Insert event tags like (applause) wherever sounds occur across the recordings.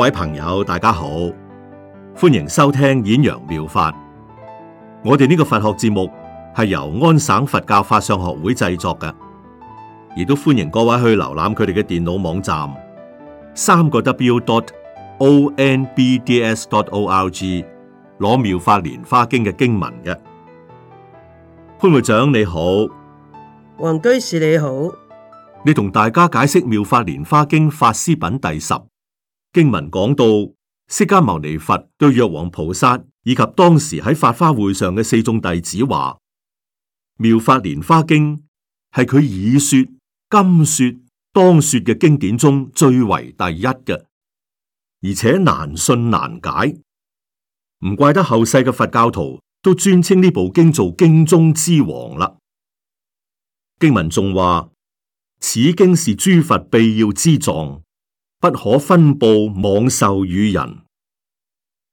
各位朋友，大家好，歡迎收聽演揚妙法。我哋呢個佛學節目係由安省佛教法上學會製作嘅，亦都歡迎各位去瀏覽佢哋嘅電腦網站，三個 W dot O N B D S dot O L G 攞妙法蓮花經嘅經文嘅。潘會長你好，王居士你好，你同大家解釋妙法蓮花經法師品第十。經文講到釋迦牟尼佛對藥王菩薩以及當時喺法花會上嘅四眾弟子話：妙法蓮花經係佢已說、今說、當說嘅經典中最為第一嘅，而且難信難解。唔怪得後世嘅佛教徒都尊稱呢部經做經中之王啦。經文仲話：此經是諸佛秘要之藏。不可分布妄授與人，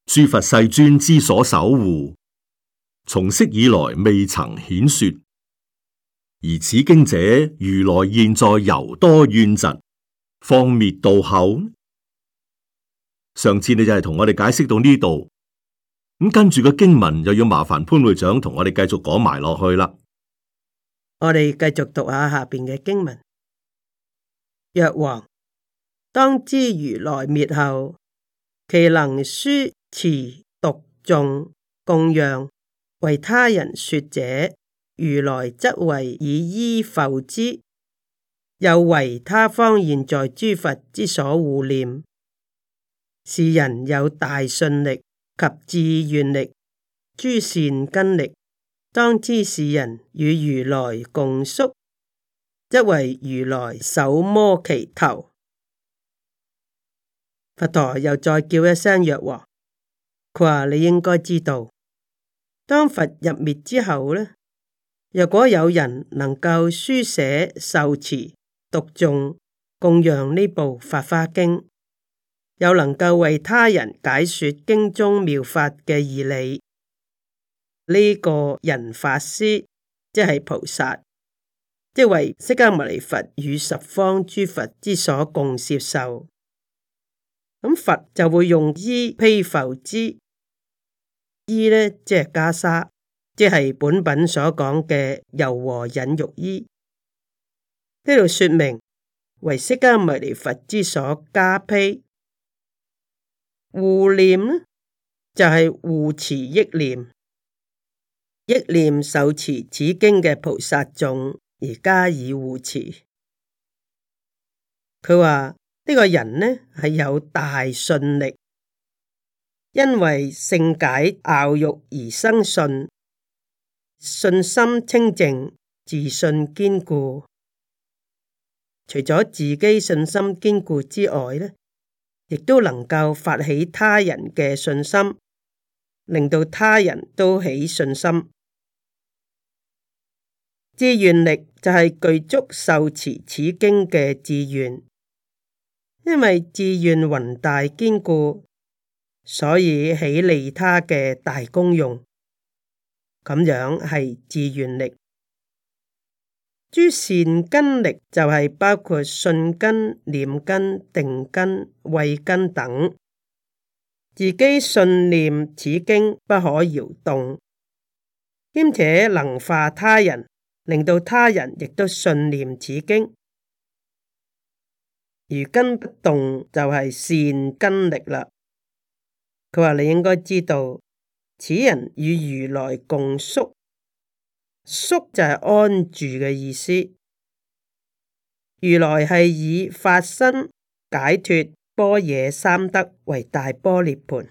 諸佛世尊之所守護，從昔以來未曾顯說，而此經者，如來現在猶多怨嫉，況滅度後。上次你就係同我哋解釋到呢度，咁跟住個經文又要麻煩潘會長同我哋繼續講埋落去啦。我哋繼續讀下下邊嘅經文，藥王。當知如來滅後，其能書持讀誦供養為他人說者，如來則為以衣覆之，又為他方現在諸佛之所護念，是人有大信力及志願力、諸善根力。當知是人與如來共宿，則為如來手摩其頭。佛陀又再叫一聲藥王，佢話你應該知道，當佛入滅之後呢，若果有人能夠書寫受持讀誦供養呢部《法華經》，又能夠為他人解說經中妙法嘅義理，呢、這個人法師即係菩薩，即為釋迦牟尼佛與十方諸佛之所共攝受。咁佛就會用衣披覆之衣，呢即係袈裟，即係本品所講嘅柔和忍辱衣。呢度說明為釋迦牟尼佛之所加披護念咧，就係護持憶念憶念受持此經嘅菩薩眾，而加以護持。佢話。呢個人呢，係有大信力，因為聖解教育而生信，信心清淨，自信堅固。除咗自己信心堅固之外呢，呢亦都能夠發起他人嘅信心，令到他人都起信心。志願力就係具足受持此經嘅志願。因為志願宏大堅固，所以起利他嘅大功用，咁樣係志願力。諸善根力就係包括信根、念根、定根、慧根等，自己信念此經不可搖動，兼且能化他人，令到他人亦都信念此經。如根不動就係、是、善根力啦。佢話你應該知道，此人與如來共宿，宿就係安住嘅意思。如來係以法身解脫般若三德為大般涅槃，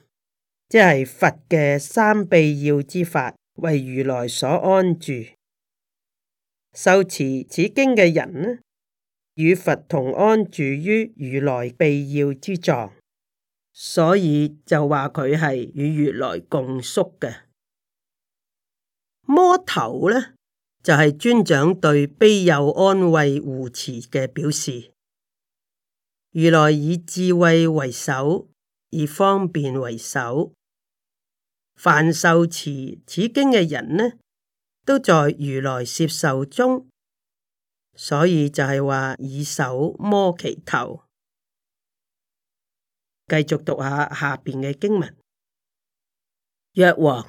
即係佛嘅三秘要之法，為如來所安住。受持此經嘅人呢，與佛同安住於如來秘要之藏，所以就話佢係與如來共宿嘅。摸頭呢就係、是、尊長對卑幼安慰護持嘅表示。如來以智慧為首，以方便為首，凡受持此經嘅人呢，都在如來攝受中。所以就係話以手摸其頭，繼續讀下下邊嘅經文。若王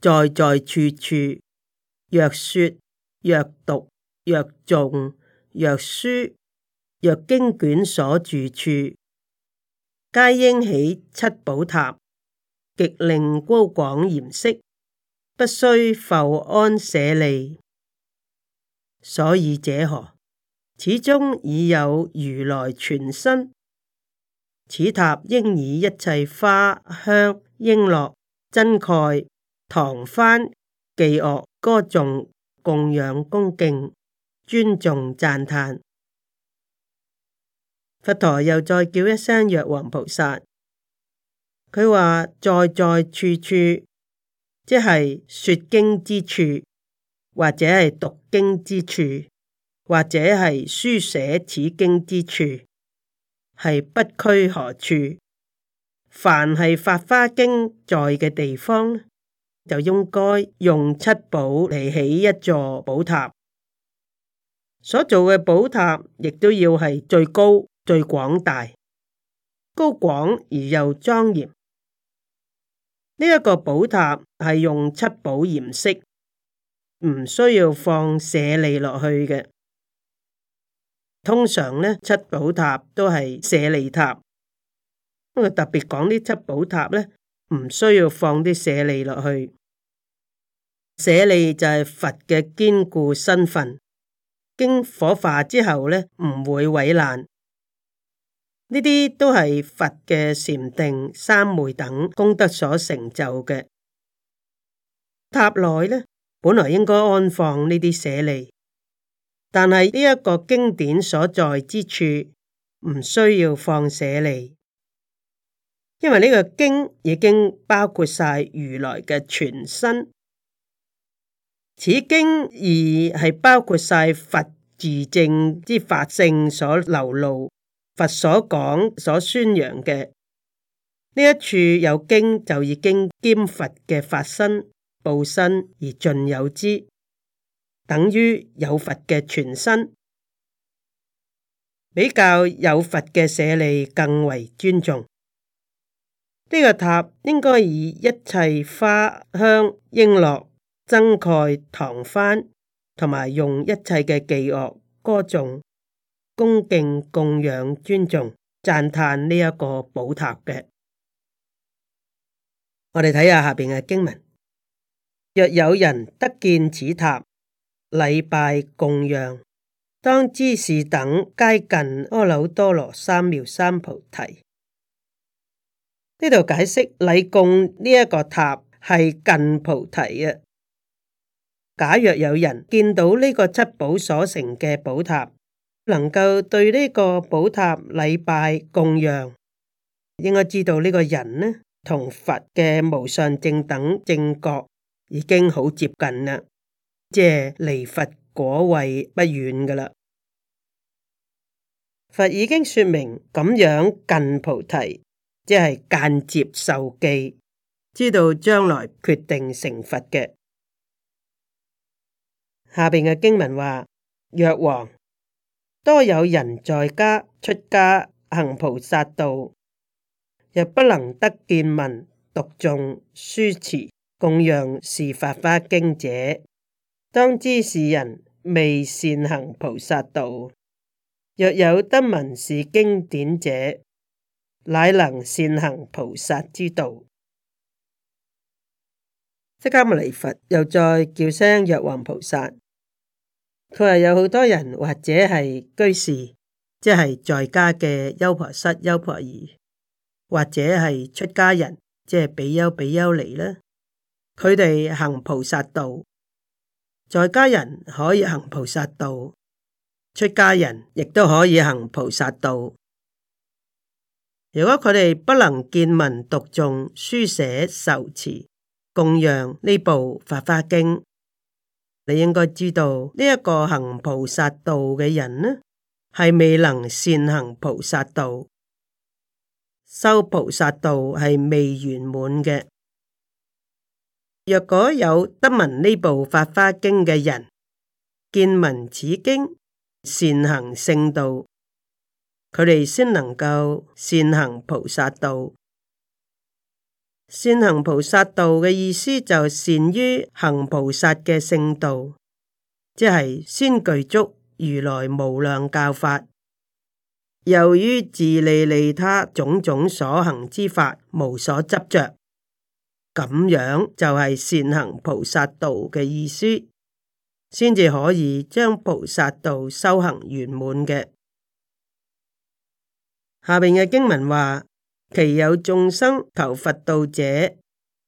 在在處處，若說若讀若誦若書若經卷所住處，皆應起七寶塔，極令高廣嚴飾，不須浮安舍利。所以者何？始終已有如來全身，此塔應以一切花香、瓔珞、珍蓋、唐幡、伎樂、歌頌供養恭敬、尊重讚歎。佛陀又再叫一聲，藥王菩薩，佢話在在處處，即係說經之處。或者係讀經之處，或者係書寫此經之處，係不拘何處。凡係《法華經》在嘅地方，就應該用七寶嚟起一座寶塔。所做嘅寶塔亦都要係最高、最廣大、高廣而又莊嚴。呢、這、一個寶塔係用七寶嚴飾。唔需要放舍利落去嘅，通常呢七寶塔都係舍利塔。我特別講呢七寶塔咧，唔需要放啲舍利落去。舍利就係佛嘅堅固身份，經火化之後咧唔會毀爛。呢啲都係佛嘅禪定、三昧等功德所成就嘅塔內咧。本來應該安放呢啲舍利，但係呢一個經典所在之處唔需要放舍利，因為呢個經已經包括晒如來嘅全身。此經而係包括晒佛自證之法性所流露，佛所講，所宣揚嘅。呢一處有經就已經兼佛嘅法身。報身而盡有之，等於有佛嘅全身，比較有佛嘅舍利更為尊重。呢、這個塔應該以一切花香增、瓔珞、繒蓋、幢幡，同埋用一切嘅伎樂歌頌、恭敬供養、尊重讚歎呢一個寶塔嘅。我哋睇下下邊嘅經文。若有人得見此塔，禮拜供養，當知是等皆近阿耨多羅三藐三菩提。呢度解釋禮供呢一個塔係近菩提啊。假若有人見到呢個七寶所成嘅寶塔，能夠對呢個寶塔禮拜供養，應該知道呢個人呢，同佛嘅無上正等正覺已經好接近啦，即係離佛果位不遠噶啦。佛已經說明咁樣近菩提，即係間接受記，知道將來決定成佛嘅。下邊嘅經文話：藥王，多有人在家出家行菩薩道，若不能得見聞讀誦書持。供養是法華經者，當知是人未善行菩薩道。若有得聞是經典者，乃能善行菩薩之道。釋迦牟尼佛，又再叫聲藥王菩薩。佢話有好多人或者係居士，即係在家嘅優婆塞、優婆夷，或者係出家人，即係比丘、比丘尼啦。佢哋行菩薩道，在家人可以行菩薩道，出家人亦都可以行菩薩道。如果佢哋不能見聞讀誦書寫受持供養呢部《法華經》，你應該知道呢一個行菩薩道嘅人呢，係未能善行菩薩道，修菩薩道係未圓滿嘅。若果有得聞呢部《法華經》嘅人，見聞此經，善行聖道，佢哋先能夠善行菩薩道。善行菩薩道嘅意思就善於行菩薩嘅聖道，即係先具足如來無量教法，由於自利利他種種所行之法，無所執着。咁樣就係善行菩薩道嘅意思，先至可以將菩薩道修行圓滿嘅。下邊嘅經文話：「其有眾生求佛道者，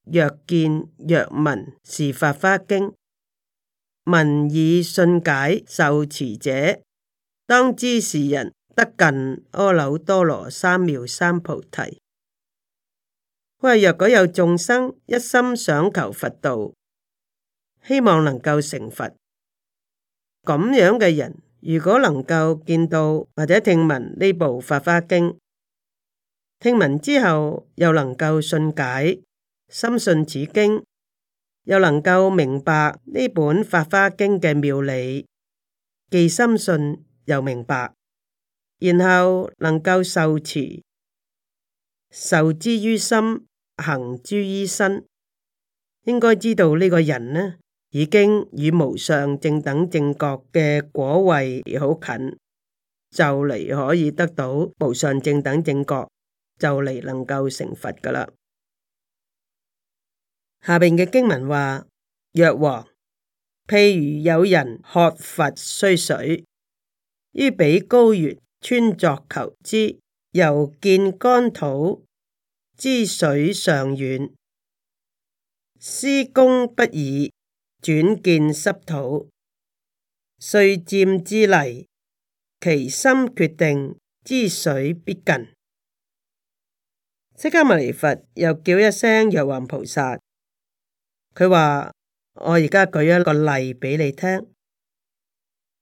若見若聞是法花經，聞已信解受持者，當知是人得近阿耨多羅三藐三菩提。佢話：若果有眾生一心想求佛道，希望能夠成佛，咁樣嘅人如果能夠見到或者聽聞呢部《法華經》，聽聞之後又能夠信解，深信此經，又能夠明白呢本《法華經》嘅妙理，既深信又明白，然後能夠受持。受之於心，行之於身，應該知道呢個人呢，已經與無上正等正覺嘅果位好近，就嚟可以得到無上正等正覺，就嚟能夠成佛噶啦。下邊嘅經文話：藥王，譬如有人渴乏須水，於彼高原穿鑿求之。又見乾土，知水尚遠，施功不已，轉見濕土，遂漸至泥，其心決定，知水必近。釋迦牟尼佛又叫一聲藥王菩薩，佢話：我而家舉一個例俾你聽，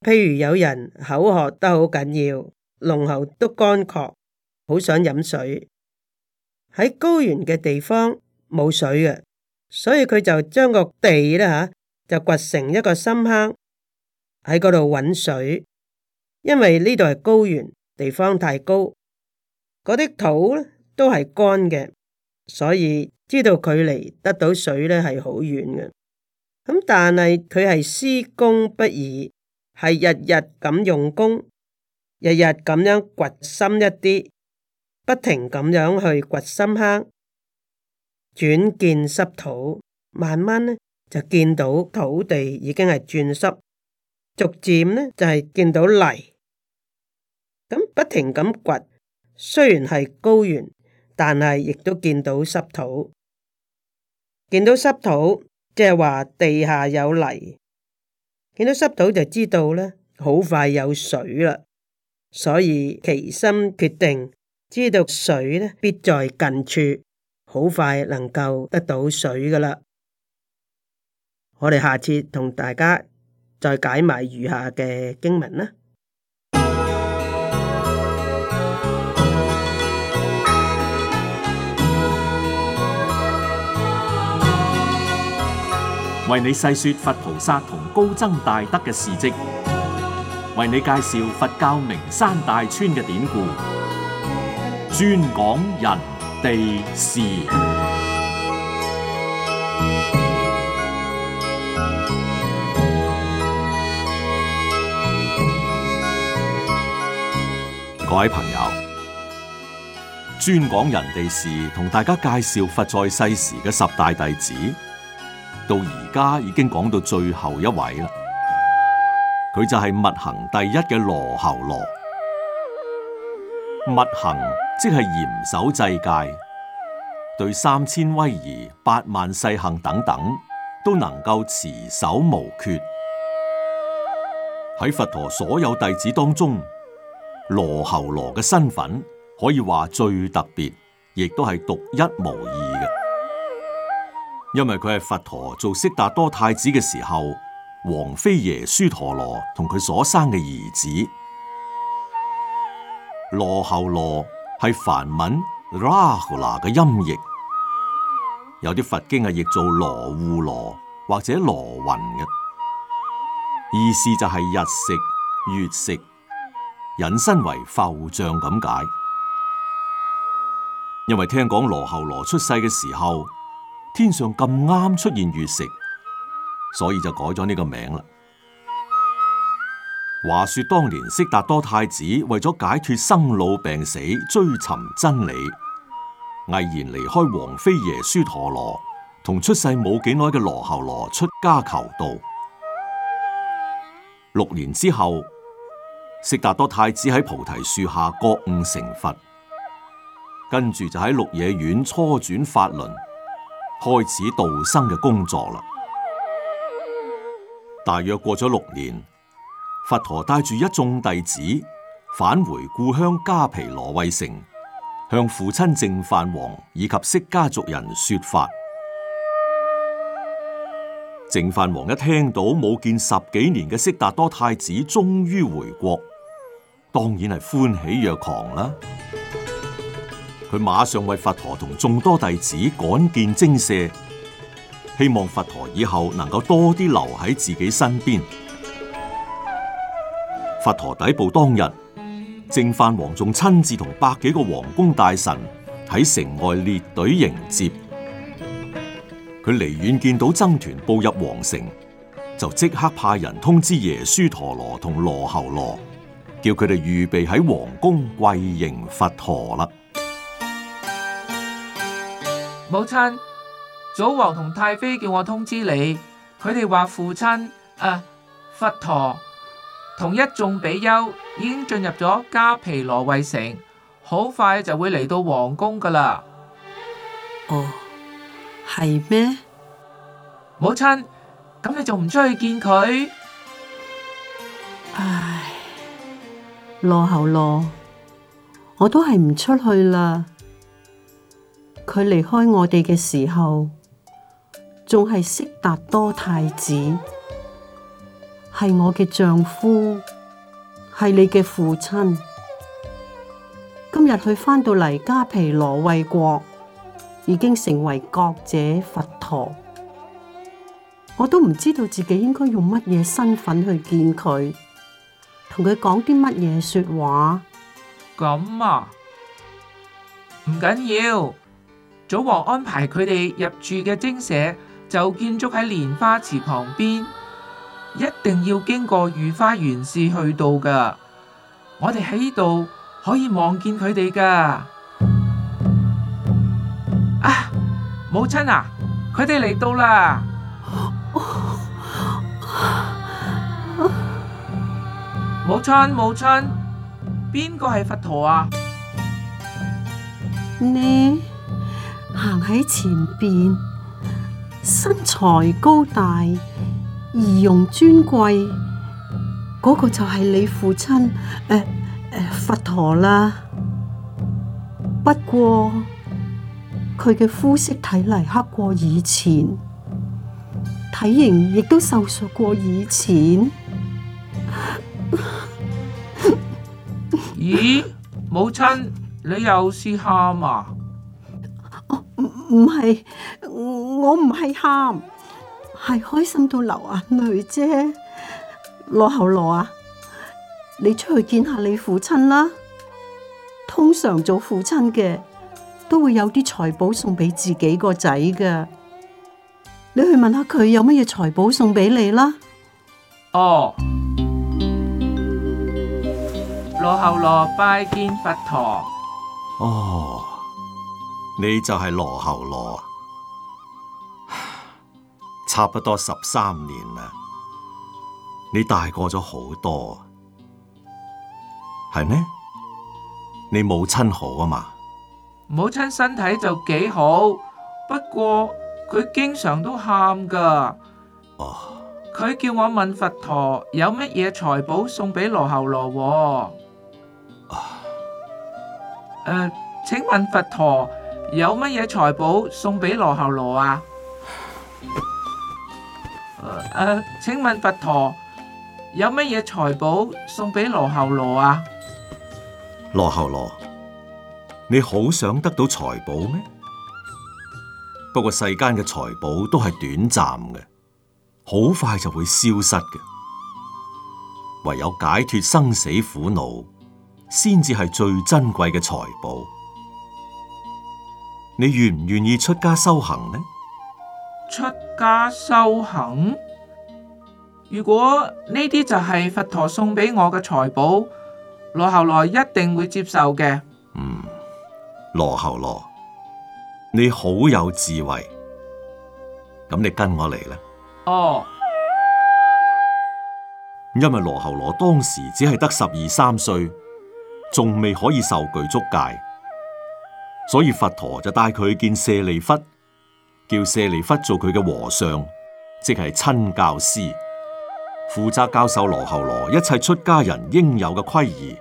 譬如有人口渴得好緊要，龍喉都乾渴。好想飲水，喺高原嘅地方冇水嘅，所以佢就將個地咧吓、啊、就掘成一個深坑，喺嗰度搵水，因為呢度係高原地方太高，嗰啲土咧都係乾嘅，所以知道距離得到水咧係好遠嘅。咁但係佢係施功不已，係日日咁用功，日日咁樣掘深一啲。不停咁樣去掘深坑，轉見濕土，慢慢咧就見到土地已經係轉濕，逐漸咧就係、是、見到泥。咁不停咁掘，雖然係高原，但係亦都見到濕土，見到濕土即係話地下有泥，見到濕土就知道咧好快有水啦。所以其心決定。知道水咧，必在近處，好快能夠得到水噶啦。我哋下次同大家再解埋餘下嘅經文啦。為你細說佛菩薩同高僧大德嘅事跡，為你介紹佛教名山大川嘅典故。專講人地事，各位朋友，專講人地事，同大家介紹佛在世時嘅十大弟子，到而家已經講到最後一位啦。佢就係密行第一嘅羅睺羅，密行。即係嚴守制戒界，對三千威儀、八萬細行等等，都能夠持守無缺。喺佛陀所有弟子當中，羅睺羅嘅身份可以話最特別，亦都係獨一無二嘅。因為佢係佛陀做悉達多太子嘅時候，王妃耶輸陀羅同佢所生嘅兒子羅睺羅。羅侯羅係梵文 Rahula 嘅音譯，有啲佛經係譯做羅護羅或者羅雲嘅，意思就係日食月食，引申為浮像咁解。因為聽講羅睺羅出世嘅時候，天上咁啱出現月食，所以就改咗呢個名啦。話說當年，悉達多太子為咗解脫生老病死，追尋真理，毅然離開王妃耶輸陀羅，同出世冇幾耐嘅羅睺羅出家求道。六年之後，悉達多太子喺菩提樹下覺悟成佛，跟住就喺鹿野苑初轉法輪，開始度生嘅工作啦。大約過咗六年。佛陀帶住一眾弟子返回故鄉加皮羅衛城，向父親淨飯王以及釋迦族人說法。淨飯王一聽到冇見十幾年嘅悉達多太子終於回國，當然係歡喜若狂啦！佢馬上為佛陀同眾多弟子趕建精舍，希望佛陀以後能夠多啲留喺自己身邊。佛陀抵步當日，淨飯王仲親自同百幾個皇宮大臣喺城外列隊迎接。佢離遠見到僧團步入皇城，就即刻派人通知耶輸陀羅同羅睺羅，叫佢哋預備喺皇宮跪迎佛陀啦。母親，祖王同太妃叫我通知你，佢哋話父親啊、呃，佛陀。同一眾比丘已經進入咗加皮羅衛城，好快就會嚟到皇宮噶啦。哦，係咩？母親，咁你仲唔出去見佢？唉，羅睺羅，我都係唔出去啦。佢離開我哋嘅時候，仲係悉達多太子。係我嘅丈夫，係你嘅父親。今日佢翻到嚟迦毗羅衛國，已經成為覺者佛陀。我都唔知道自己應該用乜嘢身份去見佢，同佢講啲乜嘢說話。咁啊，唔緊要。祖王安排佢哋入住嘅精舍，就建築喺蓮花池旁邊。一定要經過御花園先去到噶。我哋喺呢度可以望見佢哋噶。啊，母親啊，佢哋嚟到啦！母親，母親，邊個係佛陀啊？你行喺前邊，身材高大，儀容尊貴，嗰、那個就係你父親，誒、呃、誒、呃，佛陀啦。不過佢嘅膚色睇嚟黑過以前，體型亦都瘦削過以前。 (laughs) 咦，母親，你又試喊啊？唔唔係，我唔係喊。係開心到流眼淚啫，羅睺羅啊，你出去見下你父親啦。通常做父親嘅都會有啲財寶送俾自己個仔嘅。你去問下佢有乜嘢財寶送俾你啦。哦，羅睺羅，拜見佛陀。哦，你就係羅睺羅。差不多十三年啦，你大個咗好多，係咩？你母親好啊嘛？母親身體就幾好，不過佢經常都喊噶。哦，佢叫我問佛陀有乜嘢財寶送俾羅睺羅。啊，誒，請問佛陀有乜嘢財寶送俾羅睺羅啊？誒，uh，請問佛陀有乜嘢財寶送俾羅睺羅啊？羅睺羅，你好想得到財寶咩？不過世間嘅財寶都係短暫嘅，好快就會消失嘅。唯有解脫生死苦惱，先至係最珍貴嘅財寶。你願唔願意出家修行呢？出家修行。如果呢啲就係佛陀送俾我嘅財寶，羅睺羅一定會接受嘅。嗯，羅睺羅，你好有智慧，咁你跟我嚟啦。哦，因為羅睺羅當時只係得十二三歲，仲未可以受具足戒，所以佛陀就帶佢去見舍利弗，叫舍利弗做佢嘅和尚，即係親教師。負責教授羅睺羅一切出家人應有嘅規儀，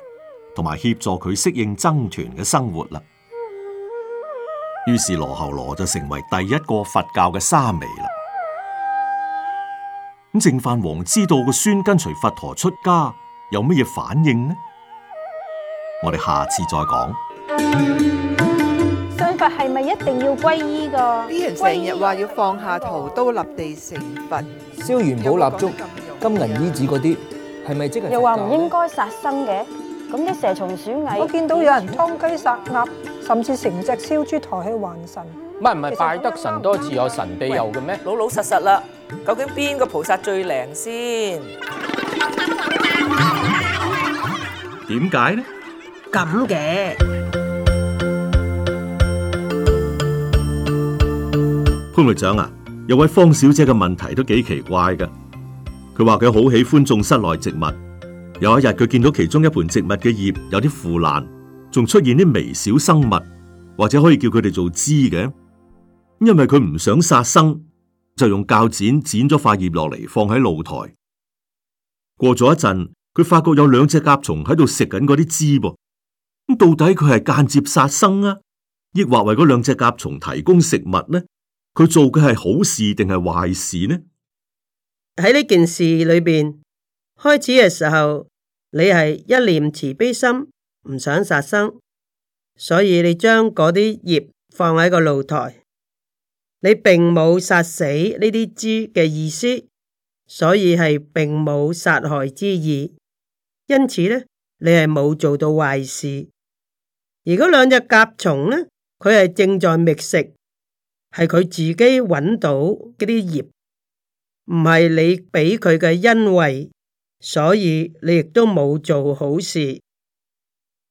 同埋協助佢適應僧團嘅生活啦。於是羅睺羅就成為第一個佛教嘅沙彌啦。咁淨飯王知道個孫跟隨佛陀出家有乜嘢反應呢？我哋下次再講。信佛係咪一定要皈依㗎？啲人成日話要放下屠刀，立地成佛，燒元寶蠟燭。金銀衣紙嗰啲係咪即係？又話唔應該殺生嘅，咁啲蛇蟲鼠蟻。我見到有人殺雞殺鴨，甚至成隻燒豬抬去還神。唔係唔係，拜得神多自有神庇佑嘅咩？老老實實啦，究竟邊個菩薩最靈先？點解呢？咁嘅潘局長啊，有位方小姐嘅問題都幾奇怪噶。佢話佢好喜歡種室內植物。有一日佢見到其中一盆植物嘅葉有啲腐爛，仲出現啲微小生物，或者可以叫佢哋做枝嘅。因為佢唔想殺生，就用鉸剪剪咗塊葉落嚟放喺露台。過咗一陣，佢發覺有兩隻甲蟲喺度食緊嗰啲枝噃。咁到底佢係間接殺生啊，抑或為嗰兩隻甲蟲提供食物呢？佢做嘅係好事定係壞事呢？喺呢件事裏邊，開始嘅時候，你係一念慈悲心，唔想殺生，所以你將嗰啲葉放喺個露台，你並冇殺死呢啲豬嘅意思，所以係並冇殺害之意，因此咧，你係冇做到壞事。而嗰兩隻甲蟲咧，佢係正在覓食，係佢自己搵到嗰啲葉。唔係你俾佢嘅恩惠，所以你亦都冇做好事。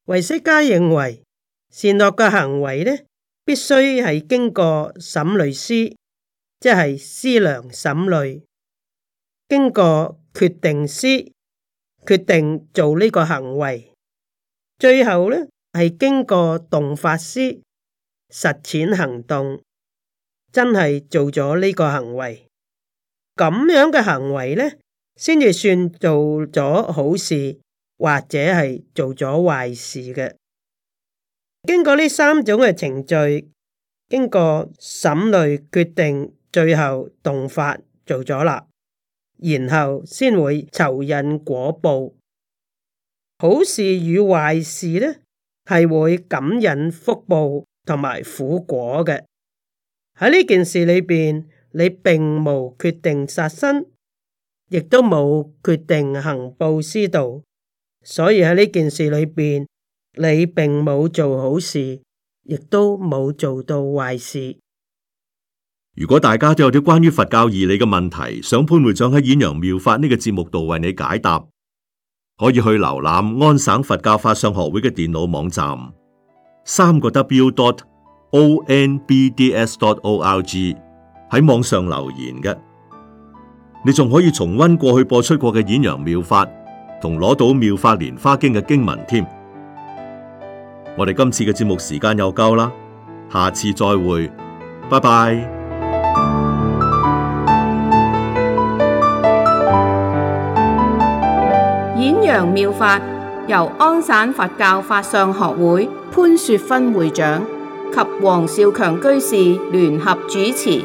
唯識家認為善惡嘅行為呢，必須係經過審慮思，即係思量審慮，經過決定思，決定做呢個行為，最後呢係經過動發思實踐行動，真係做咗呢個行為。咁樣嘅行為呢，先至算做咗好事，或者係做咗壞事嘅。經過呢三種嘅程序，經過審慮決定，最後動發做咗啦，然後先會酬因果報。好事與壞事呢，係會感引福報同埋苦果嘅。喺呢件事裏邊。你並無決定殺生，亦都冇決定行布施道，所以喺呢件事裏邊，你並冇做好事，亦都冇做到壞事。如果大家都有啲關於佛教義理嘅問題，想潘會長喺《演揚妙法》呢個節目度為你解答，可以去瀏覽安省佛教法相學會嘅電腦網站，三個 w dot o n b d s dot o l g。喺網上留言嘅，你仲可以重溫過去播出過嘅《演揚妙法》，同攞到《妙法蓮花經》嘅經文添。我哋今次嘅節目時間又夠啦，下次再會，拜拜。《演揚妙法》由安省佛教法相學會潘雪芬會長及黃少強居士聯合主持。